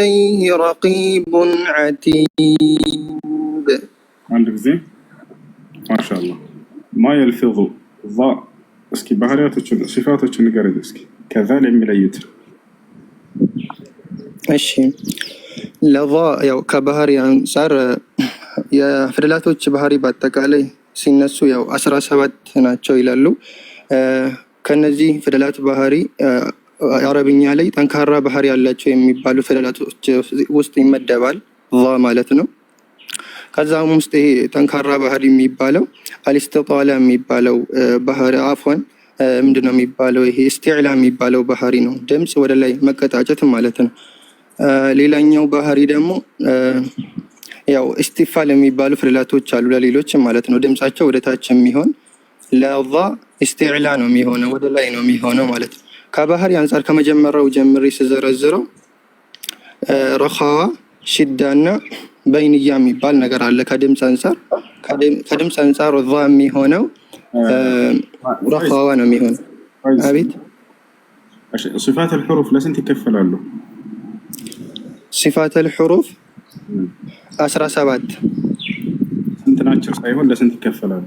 عليه رقيب عتيد عندك زين ما شاء الله ما يلفظ ظ እስኪ ባህሪያቶችን ሲፋቶችን ንገረኝ እስኪ ከዛል የሚለዩትን እሺ ለቫ ያው ከባህሪ አንጻር የፊደላቶች ባህሪ በአጠቃላይ ሲነሱ ያው አስራ ሰባት ናቸው ይላሉ ከነዚህ ፊደላት ባህሪ አረብኛ ላይ ጠንካራ ባህሪ ያላቸው የሚባሉ ፊደላቶች ውስጥ ይመደባል። ዛ ማለት ነው። ከዛም ውስጥ ይሄ ጠንካራ ባህሪ የሚባለው አልስተጣላ የሚባለው ባህሪ አፏን ምንድነው የሚባለው? ይሄ እስቲዕላ የሚባለው ባህሪ ነው። ድምፅ ወደ ላይ መቀጣጨት ማለት ነው። ሌላኛው ባህሪ ደግሞ ያው እስቲፋል የሚባሉ ፊደላቶች አሉ፣ ለሌሎች ማለት ነው። ድምፃቸው ወደ ታች የሚሆን ለዛ እስቲዕላ ነው የሚሆነው፣ ወደ ላይ ነው የሚሆነው ማለት ነው። ከባህሪ አንጻር ከመጀመሪያው ጀምሬ ስዘረዝረው ረኻዋ ሽዳና በይንያ የሚባል ነገር አለ። ከድምፅ አንጻር ከድምፅ አንጻር ዛ የሚሆነው ረኻዋ ነው የሚሆነው። አቤት ሲፋት አልሑሩፍ ለስንት ይከፈላሉ? ሲፋት አልሑሩፍ አስራ ሰባት ስንት ናቸው ሳይሆን ለስንት ይከፈላሉ?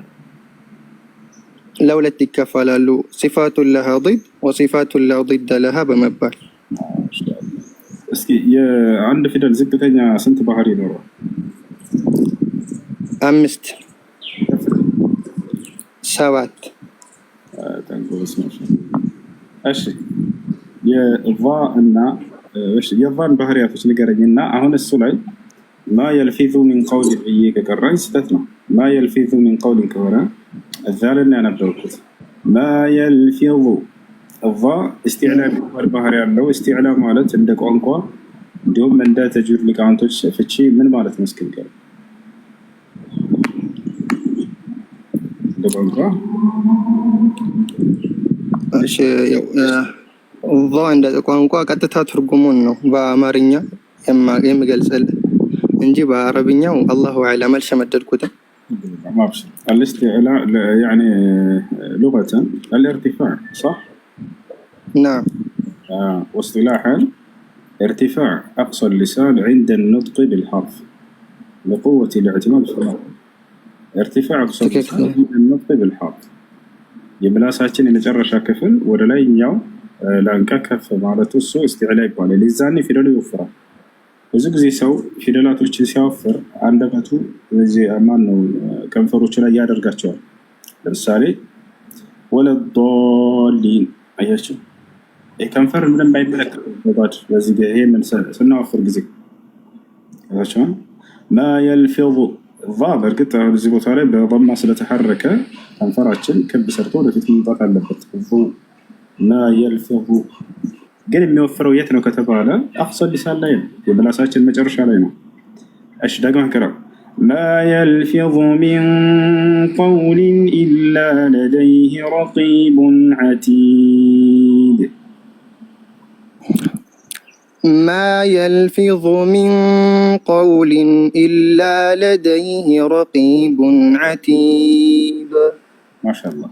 لولا التك فلا صفات لها ضد وصفات لا ضد لها بمبال Eski ya anda fidal zik katanya sent bahari dulu. Amist. Sabat. تنقول اسمه أشي يا وش آه، بحري بهري فش نقرأ أهون السلعي ما يلفظ من قول إيك كرا استثنى ما يلفظ من قول كرا እዛ ልን ያነበርኩት ማ እዛ እስቲዕላ የሚባል ባህር ያለው እስቲዕላ ማለት እንደ ቋንቋ እንዲሁም እንደ ተጅዊድ ሊቃውንቶች ፍቺ ምን ማለት ነው? እስክንገር እንደ ቋንቋ እዛ እንደ ቋንቋ ቀጥታ ትርጉሙን ነው በአማርኛ የሚገልጽልን እንጂ በአረብኛው አላሁ አዕለም አልሸመደድኩትም። مابشر الاستعلاء يعني آه، لغة الارتفاع صح؟ نعم آه واصطلاحا ارتفاع أقصى اللسان عند النطق بالحرف لقوة الاعتماد في اللغة ارتفاع أقصى اللسان عند النطق بالحرف የምላሳችን شاكفل ولا لا ላይ እኛው ለአንካ ከፍ ማለቱ استعلاء እስቲዕላ ይባላል። في ፊደሉ ይወፍራል። ብዙ ጊዜ ሰው ፊደላቶችን ሲያወፍር አንደበቱ ማን ነው ከንፈሮች ላይ ያደርጋቸዋል። ለምሳሌ ወለዶሊን አያቸው ከንፈር ምንም ባይመለከት ይህንን ስናወፍር ጊዜ ቸውን ማ በእርግጥ እዚህ ቦታ ላይ በማ ስለተሐረከ ከንፈራችን ክብ ሰርቶ ወደፊት መምጣት አለበት ማ ግን የሚወፍረው የት ነው ከተባለ አፍሶ ሊሳን ላይ ነው፣ የምላሳችን መጨረሻ ላይ ነው። እሺ ደግመህ ቅረብ። ማ የልፊዙ ሚን ቀውሊን ኢላ ለደይህ ረቂቡን ዐቲድ ما يلفظ من قول إلا لديه رقيب عتيد ما شاء الله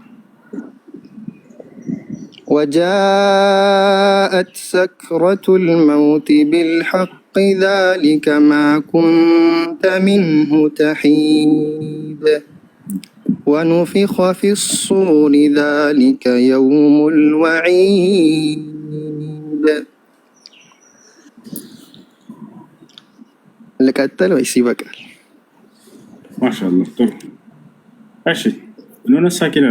وجاءت سكرة الموت بالحق ذلك ما كنت منه تحيد ونفخ في الصور ذلك يوم الوعيد لك التلو يسيبك ما شاء الله طول طيب. ماشي نون الساكن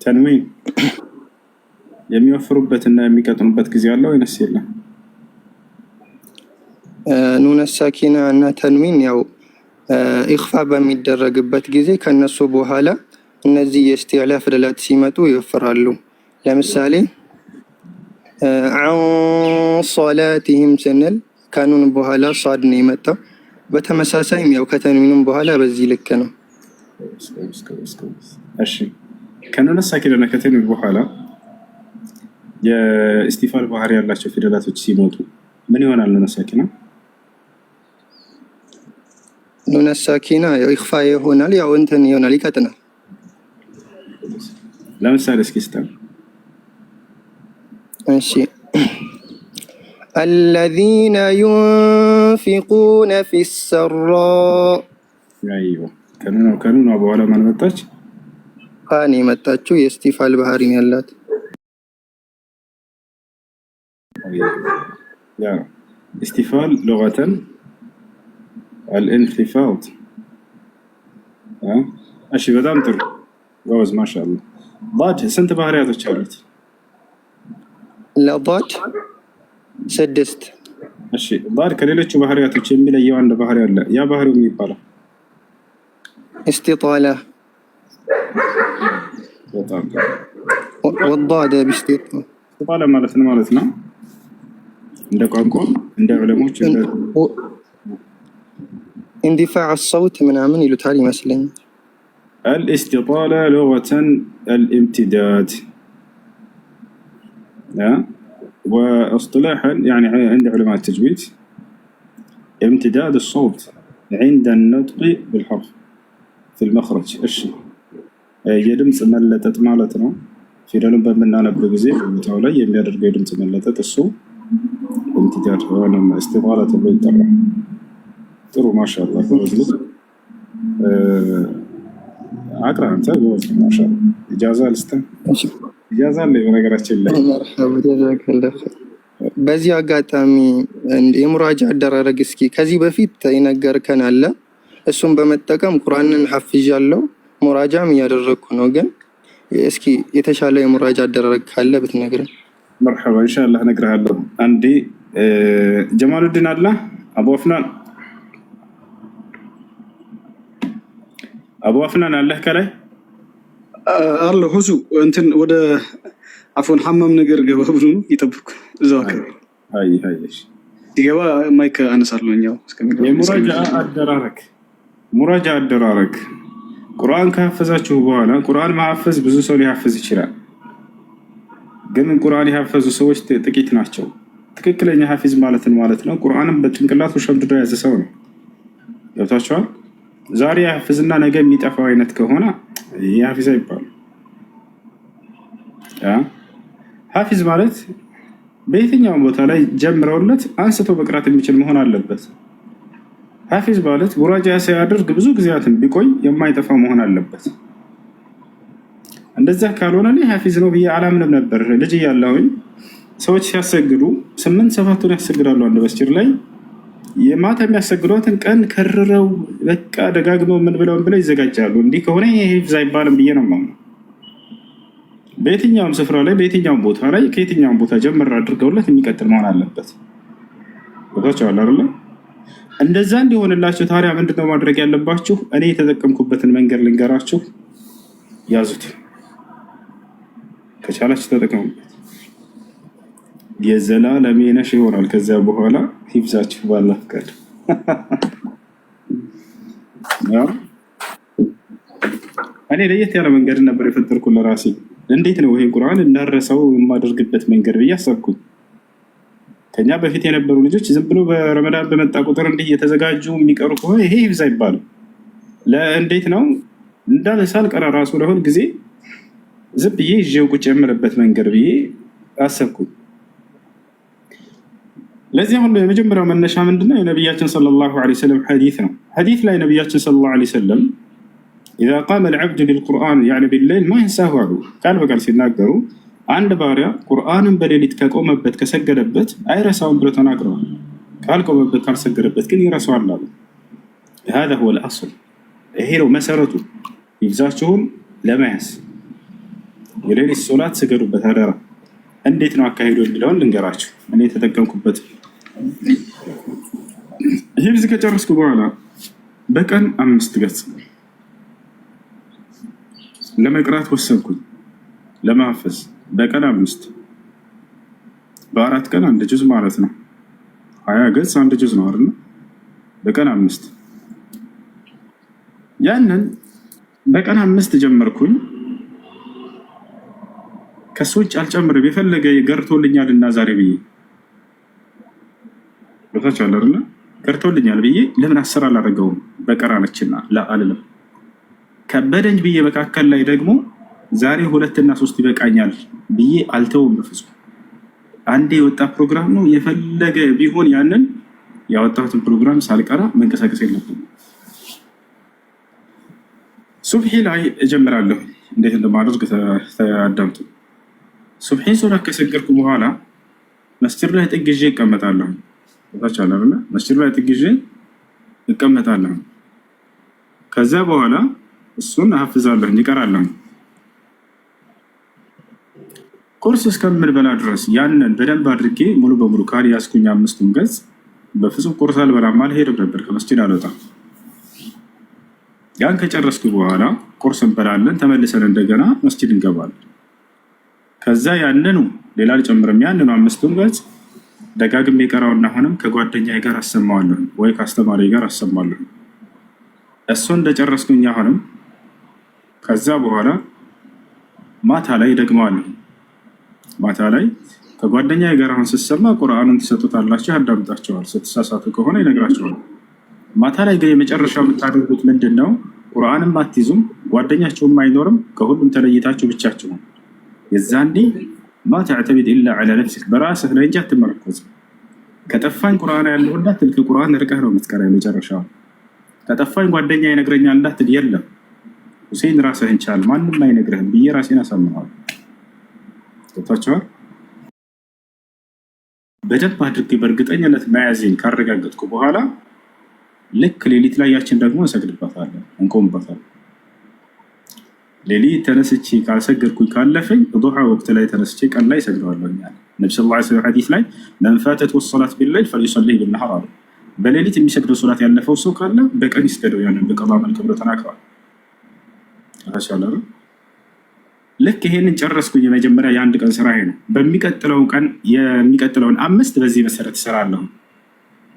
تنوين የሚወፍሩበትና የሚቀጥኑበት ጊዜ አለ ወይንስ የለም? ኑነ ሳኪና እና ተንዊን ያው ኢኽፋ በሚደረግበት ጊዜ ከነሱ በኋላ እነዚህ የእስቲዕላፍ ፊደላት ሲመጡ ይወፍራሉ። ለምሳሌ አን ሶላቲሂም ስንል ከኑን በኋላ ሳድ ነው የመጣው። በተመሳሳይም ያው ከተንዊኑም በኋላ በዚህ ልክ ነው። ከኑነ ሳኪና እና ከተንዊን በኋላ የኢስቲፋል ባህሪ ያላቸው ፊደላቶች ሲሞቱ ምን ይሆናል? ኑነ ሳኪና ኑነ ሳኪና ኢኽፋ ይሆናል። ያው እንትን ይሆናል፣ ይቀጥናል። ለምሳሌ እስኪ ስጠን። እሺ الذين ينفقون في السراء ايوه ከኑኗ በኋላ ማን መጣች? ሀኒ መጣችው። የኢስቲፋል ባህሪ ያላት لا استفال لغة الانخفاض ها اشي بدان تر جوز ما شاء الله ضاج سنت بهريات تشارلت لا ضاج سدست اشي ضار كليلة شو بهريات تشمل ايو عند بهري لا يا بهري مي بارا استطالة والضاد باستطالة استطالة مالتنا مالتنا እንደ الصوت እንደ ዕለሞች انضفاع الصوت ምናምን ይሉታል الاستطالة لغة الامتداد واصطلاحا يعني عند علماء التجويد امتداد الصوت عند النطق بالحرف في المخرج እሺ የድምፅ መለጠጥ ማለት ነው። ፊደሉን በምናነብ ጊዜ ቦታው ላይ የሚያደርገው የድምፅ መለጠጥ እሱ ኢንቲጀር ወይም እስቲጣላ ተብሎ ይጠራል። ጥሩ ማሻላ አቅራ አንተ ጎበዝ ማሻላ። ኢጃዛ ልስተ ኢጃዛ ላይ በነገራችን ላይ በዚህ አጋጣሚ የሙራጃ አደራረግ እስኪ ከዚህ በፊት የነገርከን አለ። እሱን በመጠቀም ቁርአንን ሐፍዣለሁ ሙራጃም እያደረግኩ ነው። ግን እስኪ የተሻለ የሙራጃ አደራረግ ካለ ብትነግረን። መርሐባ ኢንሻላህ እነግርሃለሁ። አንዲ ጀማሉዲን አላ አቡ አፍናን አቡ አፍናን አለህ ከላይ አለ ሁሱ እንትን ወደ አፎን ሐማም ነገር ገባ ብሎ ነው የጠበኩት። እዛው አካባቢ ሲገባ ማይክ አነሳለሁ። እኛው የሙራጃ አደራረግ ሙራጃ አደራረግ ቁርአን ከሀፈዛችሁ በኋላ ቁርአን መሀፈዝ ብዙ ሰው ሊሀፈዝ ይችላል፣ ግን ቁርአን የሀፈዙ ሰዎች ጥቂት ናቸው። ትክክለኛ ሀፊዝ ማለትን ማለት ነው። ቁርአንም በጭንቅላቱ ሸምድዶ የያዘ ሰው ነው። ገብቷቸዋል። ዛሬ የሀፊዝና ነገ የሚጠፋው አይነት ከሆነ ይህ ሀፊዝ ሀፊዝ ማለት በየትኛውም ቦታ ላይ ጀምረውለት አንስቶ መቅራት የሚችል መሆን አለበት። ሀፊዝ ማለት ጉራጃ ሳያደርግ ብዙ ጊዜያትን ቢቆይ የማይጠፋ መሆን አለበት። እንደዚያ ካልሆነ እኔ ሀፊዝ ነው ብዬ አላምንም ነበር ልጅ እያለሁኝ ሰዎች ሲያሰግዱ ስምንት ሰባቱን ያሰግዳሉ አንድ መስጅድ ላይ የማታ የሚያሰግዷትን ቀን ከርረው በቃ ደጋግመው ምን ብለውን ብለው ይዘጋጃሉ። እንዲህ ከሆነ ሂፍዝ አይባልም ብዬ ነው ማምነው። በየትኛውም ስፍራ ላይ በየትኛውም ቦታ ላይ ከየትኛውም ቦታ ጀምር አድርገውለት የሚቀጥል መሆን አለበት። ቦታቸዋል አለ። እንደዛ እንዲሆንላችሁ ታዲያ ምንድነው ማድረግ ያለባችሁ? እኔ የተጠቀምኩበትን መንገድ ልንገራችሁ። ያዙት፣ ከቻላችሁ ተጠቀሙበት። የዘላለም ነሽ ይሆናል። ከዚያ በኋላ ሂብዛችሁ ባላ ፍቃድ እኔ ለየት ያለ መንገድ ነበር የፈጠርኩ ለራሴ። እንዴት ነው ይሄ ቁርአን እንዳረሰው የማደርግበት መንገድ ብዬ አሰብኩኝ። ከኛ በፊት የነበሩ ልጆች ዝም ብሎ በረመዳን በመጣ ቁጥር እንዲህ እየተዘጋጁ የሚቀሩ ከሆነ ይሄ ሂብዛ ይባላል። ለእንዴት ነው እንዳለ ሳልቀራ ራሱ ለሁል ጊዜ ዝም ብዬ ይዤው ቁጭ የምልበት መንገድ ብዬ አሰብኩኝ። ለዚህ አሁን የመጀመሪያው መነሻ ምንድነው? የነቢያችን ሰለላሁ ዐለይሂ ወሰለም ሐዲስ ነው። ሐዲስ ላይ ነቢያችን ሰለላሁ ዐለይሂ ወሰለም ኢዛ ቃመ ልዓብድ ቢልቁርአን ያኒ ቢለይል ማ የንሳሁ አሉ ቃል በቃል ሲናገሩ አንድ ባሪያ ቁርአንን በሌሊት ከቆመበት ከሰገደበት አይረሳውም ብሎ ተናግረዋል። ካልቆመበት ካልሰገደበት ግን ይረሳዋል አሉ። ሀዛ ሁወ ልአስል ይሄ ነው መሰረቱ። ይብዛችሁም ለመያዝ የሌሊት ሶላት ስገዱበት አደራ። እንዴት ነው አካሄዱ የሚለውን ልንገራችሁ እኔ የተጠቀምኩበት ሂፍዝ ከጨረስኩ በኋላ በቀን አምስት ገጽ ለመቅራት ወሰንኩኝ። ለማፈዝ በቀን አምስት በአራት ቀን አንድ ጁዝ ማለት ነው። ሀያ ገጽ አንድ ጁዝ ነው አይደል? በቀን አምስት ያንን በቀን አምስት ጀመርኩኝ። ከሱ ውጭ አልጨምርም። የፈለገ ገርቶልኛልና ዛሬ ብዬ ቦታች አለ አይደለ ቀርቶልኛል ብዬ ለምን አስር አላደረገውም በቀራነችና ለአልልም ከበደኝ ብዬ መካከል ላይ ደግሞ ዛሬ ሁለትና ሶስት ይበቃኛል ብዬ አልተውም በፍጹም። አንዴ የወጣ ፕሮግራም ነው። የፈለገ ቢሆን ያንን ያወጣሁትን ፕሮግራም ሳልቀራ መንቀሳቀስ የለብኝም። ሱብሒ ላይ እጀምራለሁ። እንዴት እንደማደርግ ተያዳምጡ። ሱብሒ ሱራ ከሰገርኩ በኋላ መስጅድ ላይ ጥግ ይዤ እቀመጣለሁ። ታቻለ አይደለ? መስጂድ ላይ ጥግዤ እቀመጣለሁ። ከዛ በኋላ እሱን አፍዛለሁ፣ ይቀራለሁ። ቁርስ እስከምልበላ ድረስ ያንን በደንብ አድርጌ ሙሉ በሙሉ ያስኩኝ አምስቱን ገጽ በፍጹም ቁርስ አልበላም፣ አልሄድም ነበር፣ ከመስጂድ አልወጣም። ያን ከጨረስኩ በኋላ ቁርስ እንበላለን፣ ተመልሰን እንደገና መስጂድ እንገባለን። ከዛ ያንኑ ሌላ አልጨምርም፣ ያንኑ አምስቱን ገጽ ደጋግም የቀራውና አሁንም ከጓደኛ ጋር አሰማዋለሁ ወይ ከአስተማሪ ጋር አሰማለሁ። እሱ እንደጨረስኩኝ አሁንም ከዛ በኋላ ማታ ላይ ደግመዋለሁ። ማታ ላይ ከጓደኛ ጋር አሁን ስሰማ ቁርአኑን ትሰጡታላችሁ፣ ያዳምጣቸዋል። ስትሳሳቱ ከሆነ ይነግራቸዋል። ማታ ላይ ግን የመጨረሻ የምታደርጉት ምንድን ነው? ቁርአንም አትይዙም፣ ጓደኛቸውም አይኖርም። ከሁሉም ተለይታችሁ ብቻችሁን የዛኔ ላ ተዕተሚድ ኢላ ዐላ ነፍሲክ በራስህ ላይ እንጂ አትመረኮዝ። ከጠፋኝ ቁርአን ያለው እንዳትል ከቁርአን ርቀህ ነው ምትቀራ። የመጨረሻው ከጠፋኝ ጓደኛ ይነግረኛል እንዳትል የለም ሁሴን ራስህን ቻል፣ ማንም አይነግርህም ብዬ ራሴን አሳምነዋል። ገብታችኋል? በደንብ አድርጌ በእርግጠኝነት መያዜን ካረጋገጥኩ በኋላ ልክ ሌሊት ላይ ያችን ደግሞ እንሰግድበታለን፣ እንቆምበታለን ሌሊት ተነስቼ ካልሰገድኩኝ ካለፈኝ ዱሓ ወቅት ላይ ተነስቼ ቀን ላይ ሰግደዋለሁ። ነቢ ስ ላ ሐዲስ ላይ መንፋተት ወሰላት ቢለይል ፈሊሰሊ ብናሃር አሉ። በሌሊት የሚሰግደው ሶላት ያለፈው ሰው ካለ በቀን ይስገደው። ያንን በቀላ መልክ ብሎ ተናግረዋል። ሻለ ልክ ይሄንን ጨረስኩኝ። የመጀመሪያ የአንድ ቀን ስራ ነው። በሚቀጥለው ቀን የሚቀጥለውን አምስት በዚህ መሰረት እሰራለሁ።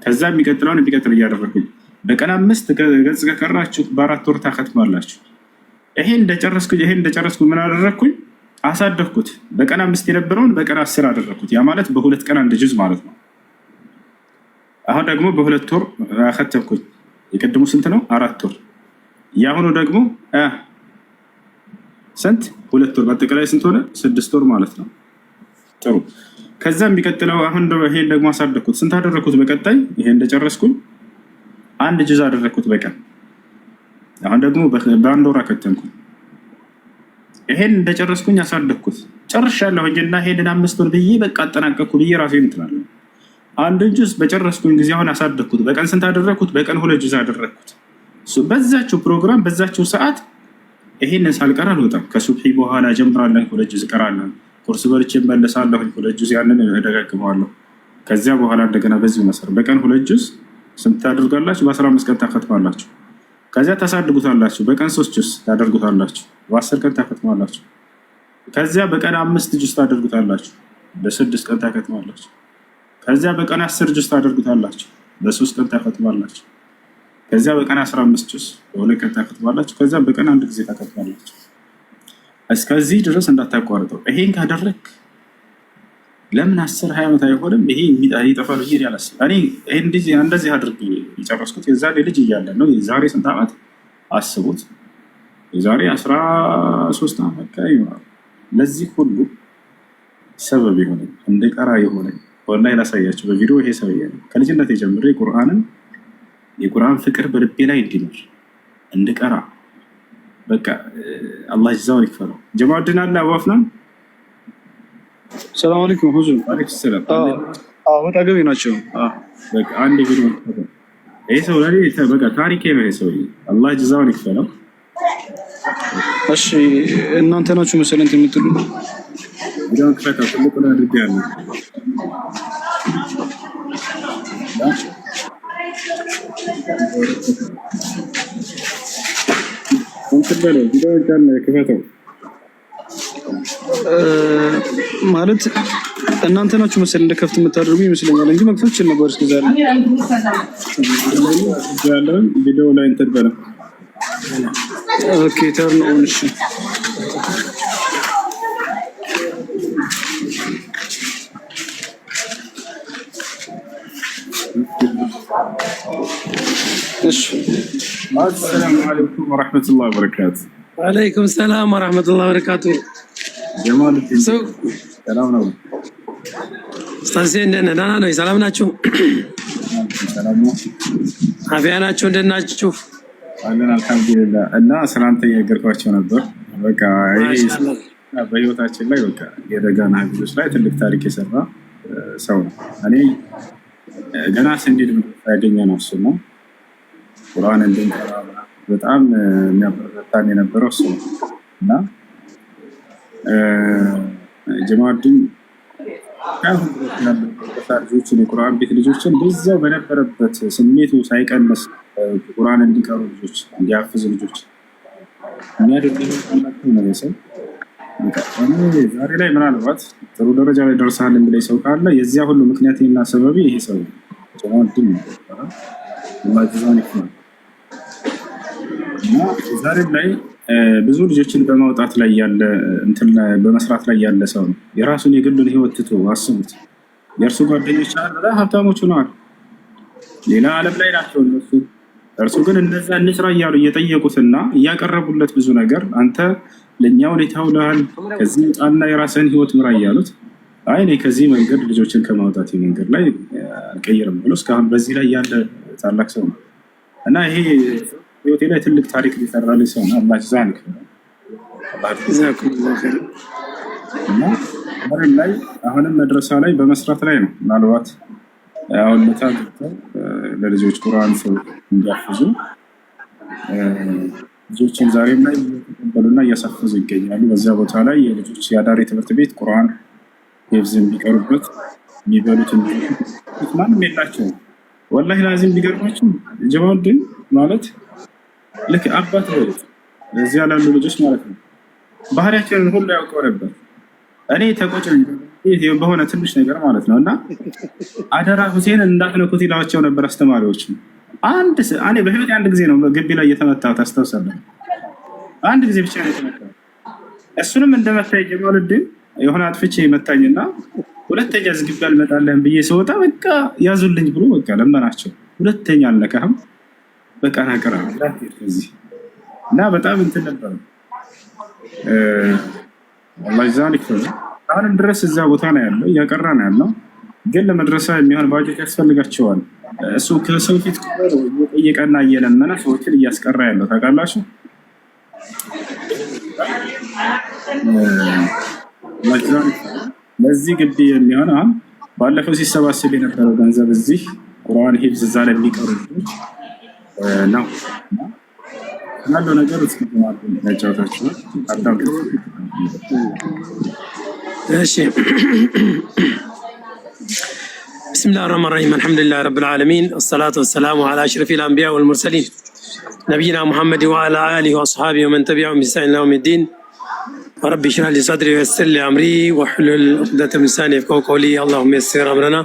ከዛ የሚቀጥለውን የሚቀጥል እያደረግኩኝ በቀን አምስት ገጽ ከቀራችሁ በአራት ወር ታከትማላችሁ። ይሄ እንደጨረስኩ ይሄ እንደጨረስኩ ምን አደረግኩኝ? አሳደግኩት። በቀን አምስት የነበረውን በቀን አስር አደረግኩት። ያ ማለት በሁለት ቀን አንድ ጁዝ ማለት ነው። አሁን ደግሞ በሁለት ወር ከተብኩኝ። የቀድሞ ስንት ነው? አራት ወር። የአሁኑ ደግሞ ስንት? ሁለት ወር። በአጠቃላይ ስንት ሆነ? ስድስት ወር ማለት ነው። ጥሩ። ከዛ የሚቀጥለው አሁን ይሄን ደግሞ አሳደግኩት። ስንት አደረግኩት? በቀጣይ ይሄ እንደጨረስኩኝ አንድ ጁዝ አደረግኩት በቀን አሁን ደግሞ በአንድ ወር አከተምኩ። ይሄን እንደጨረስኩኝ አሳደግኩት ጨርሻለሁኝና ይሄንን አምስቱን ብዬ በቃ አጠናቀቅኩ ብዬ ራሴ እንትናለሁ። አንድ ጁዝ በጨረስኩኝ ጊዜ አሁን አሳደግኩት። በቀን ስንት አደረግኩት? በቀን ሁለት ጁዝ አደረግኩት። በዛችው ፕሮግራም በዛችው ሰዓት ይሄንን ሳልቀር አልወጣም። ከሱብሒ በኋላ ጀምራለሁ፣ ሁለት ጁዝ እቀራለሁ። ቁርስ በልቼ መለሳለሁ፣ ሁለት ጁዝ ያንን እደጋግመዋለሁ። ከዚያ በኋላ እንደገና በዚህ መሰረት በቀን ሁለት ጁስ ስንት ታደርጋላችሁ? በአስራ አምስት ቀን ታከትማላችሁ። ከዚያ ታሳድጉታላችሁ። በቀን ሶስት ጁስ ታደርጉታላችሁ። በአስር ቀን ታከትማላችሁ። ከዚያ በቀን አምስት ጁስ ታደርጉታላችሁ። በስድስት ቀን ታከትማላችሁ። ከዚያ በቀን አስር ጁስ ታደርጉታላችሁ። በሶስት ቀን ታከትማላችሁ። ከዚያ በቀን አስራ አምስት ጁስ በሁለት ቀን ታከትማላችሁ። ከዚያ በቀን አንድ ጊዜ ታከትማላችሁ። እስከዚህ ድረስ እንዳታቋርጠው። ይሄን ካደረግ ለምን አስር ሀያ ዓመት አይሆንም? ይሄ ይጠፋል ብዬ ያላስብ እኔ እንደዚህ አድርግ የጨረስኩት የዛሬ ልጅ እያለ ነው። የዛሬ ስንት ዓመት አስቡት፣ የዛሬ አስራ ሶስት ዓመት ቀ ይሆናል። ለዚህ ሁሉ ሰበብ የሆነ እንደ ቀራ የሆነ ወላሂ ላሳያቸው በቪዲዮ ይሄ ሰው ከልጅነት የጀምሬ ቁርአንን የቁርአን ፍቅር በልቤ ላይ እንዲኖር እንድቀራ በቃ አላህ ጅዛውን ይክፈለው። ጀማድን አለ አዋፍናን ሰላም አለይኩም ሁዙ አለይኩም ሰላም። አዎ አጠገቤ ናቸው። በቃ አንድ ቪዲዮ ይሄ ሰው ላይ በቃ ታሪክ ነው። ይሄ ሰው አላህ ጅዛውን ይክፈለው። እሺ እናንተ ናችሁ መሰለኝ እንትን የምትሉ ቪዲዮን ክፈታ ትልቁ ላይ አድርጌ ያለ እንትን በለው ቪዲዮን ክፈተው ማለት እናንተ ናችሁ መሰል እንደ ከፍት የምታደርጉ ይመስለኛል እንጂ መክፈት ችል ነበር። እስከዛ ያለውን ቪዲዮ ላይ እንትን በለ ኦኬ ተርን ኦን እሺ እሺ አለይኩም ወረሕመቱላሂ ወበረካቱ። አለይኩም ሰላም ወረሕመቱላሂ ወበረካቱ። ሰላም ነው። ስታሴ እንደነ ደህና ነው። ሰላም ናችሁ? አፍያ ናችሁ? እንደት ናችሁ? አለን አልሐምዱሊላህ። እና ስላንተ እየነገርኳቸው ነበር። በቃ በህይወታችን ላይ በቃ የደጋና ሀገሮች ላይ ትልቅ ታሪክ የሰራ ሰው ነው። እኔ ገና ስንሄድ ያገኘ ነው እሱ ነው። ቁርአን እንድንቀራ በጣም የሚያበረታን የነበረው እሱ ነው እና ጀማአድን ልጆችን የቁርአን ቤት ልጆችን በዛው በነበረበት ስሜቱ ሳይቀንስ ቁርአን እንዲቀሩ ልጆች እንዲያፍዝ ልጆች የሚያደርግ ዛሬ ላይ ምናልባት ጥሩ ደረጃ ላይ ደርሳል የሚለኝ ሰው ካለ የዚያ ሁሉ ምክንያት እና ሰበብ ይሄ ሰው ጀማአድን ይባላል። ዛሬ ላይ ብዙ ልጆችን በማውጣት ላይ ያለ በመስራት ላይ ያለ ሰው ነው። የራሱን የግሉን ህይወት ትቶ አስቡት። የእርሱ ጓደኞች በጣም ሀብታሞች ሆነዋል። ሌላ አለም ላይ ናቸው እነሱ። እርሱ ግን እንደዛ እንስራ እያሉ እየጠየቁትና እያቀረቡለት ብዙ ነገር አንተ ለእኛ ሁኔታ ውለሃል፣ ከዚህ ውጣና የራስህን ህይወት ምራ እያሉት አይ እኔ ከዚህ መንገድ ልጆችን ከማውጣት መንገድ ላይ አልቀይርም ብሎ እስካሁን በዚህ ላይ ያለ ታላቅ ሰው ነው እና ይሄ ህይወቴ ላይ ትልቅ ታሪክ ሊሰራልኝ ሰው ነው። አላህ ይዛ ነው ላይ አሁንም መድረሳ ላይ በመስራት ላይ ነው። ምናልባት አሁን መታ ለልጆች ቁርአን ሰው እንዲያፍዙ ልጆችን ዛሬም ላይ እየተቀበሉና እያሳፈዙ ይገኛሉ። በዚያ ቦታ ላይ የልጆች የአዳሪ ትምህርት ቤት ቁርአን የብዝ የሚቀሩበት የሚበሉት ማንም የላቸው ወላሂ ላዚም ቢገርማችሁ ጀማውድን ማለት ልክ አባት ሆይ እዚያ ላሉ ልጆች ማለት ነው። ባህሪያችንን ሁሉ ያውቀው ነበር። እኔ ተቆጨኝ በሆነ ትንሽ ነገር ማለት ነው። እና አደራ ሁሴን እንዳትነኩት ይላቸው ነበር አስተማሪዎች። አንድ እኔ በህይወት አንድ ጊዜ ነው ግቢ ላይ እየተመታሁት አስታውሳለሁ። አንድ ጊዜ ብቻ ነው የተመታሁት። እሱንም እንደመታኝ ጀማልድን የሆነ አጥፍቼ መታኝና ሁለተኛ ዝግቢ አልመጣለን ብዬ ስወጣ በቃ ያዙልኝ ብሎ በቃ ለመናቸው። ሁለተኛ አልነካህም በቀራቀራ እና በጣም እንትን ነበር። አሁንም ድረስ እዛ ቦታ ነው ያለው፣ እያቀራ ነው ያለው። ግን ለመድረሳ የሚሆን ባጀት ያስፈልጋቸዋል። እሱ ከሰው ፊት እየጠየቀና እየለመነ ሰዎችን እያስቀራ ያለው ታውቃላችሁ። ለዚህ ግቢ የሚሆን አሁን ባለፈው ሲሰባሰብ የነበረው ገንዘብ እዚህ ቁርአን ሂብዝ እዛ ለሚቀሩ ነው ስላለው ነገር እስኪ እሺ بسم الله الرحمن الرحيم الحمد لله رب العالمين الصلاة والسلام على أشرف الأنبياء والمرسلين نبينا محمد وعلى آله وأصحابه ومن تبعهم بإحسان إلى يوم الدين ربي اشرح لي صدري ويسر لي أمري واحلل عقدة من لساني يفقهوا قولي اللهم يسر أمرنا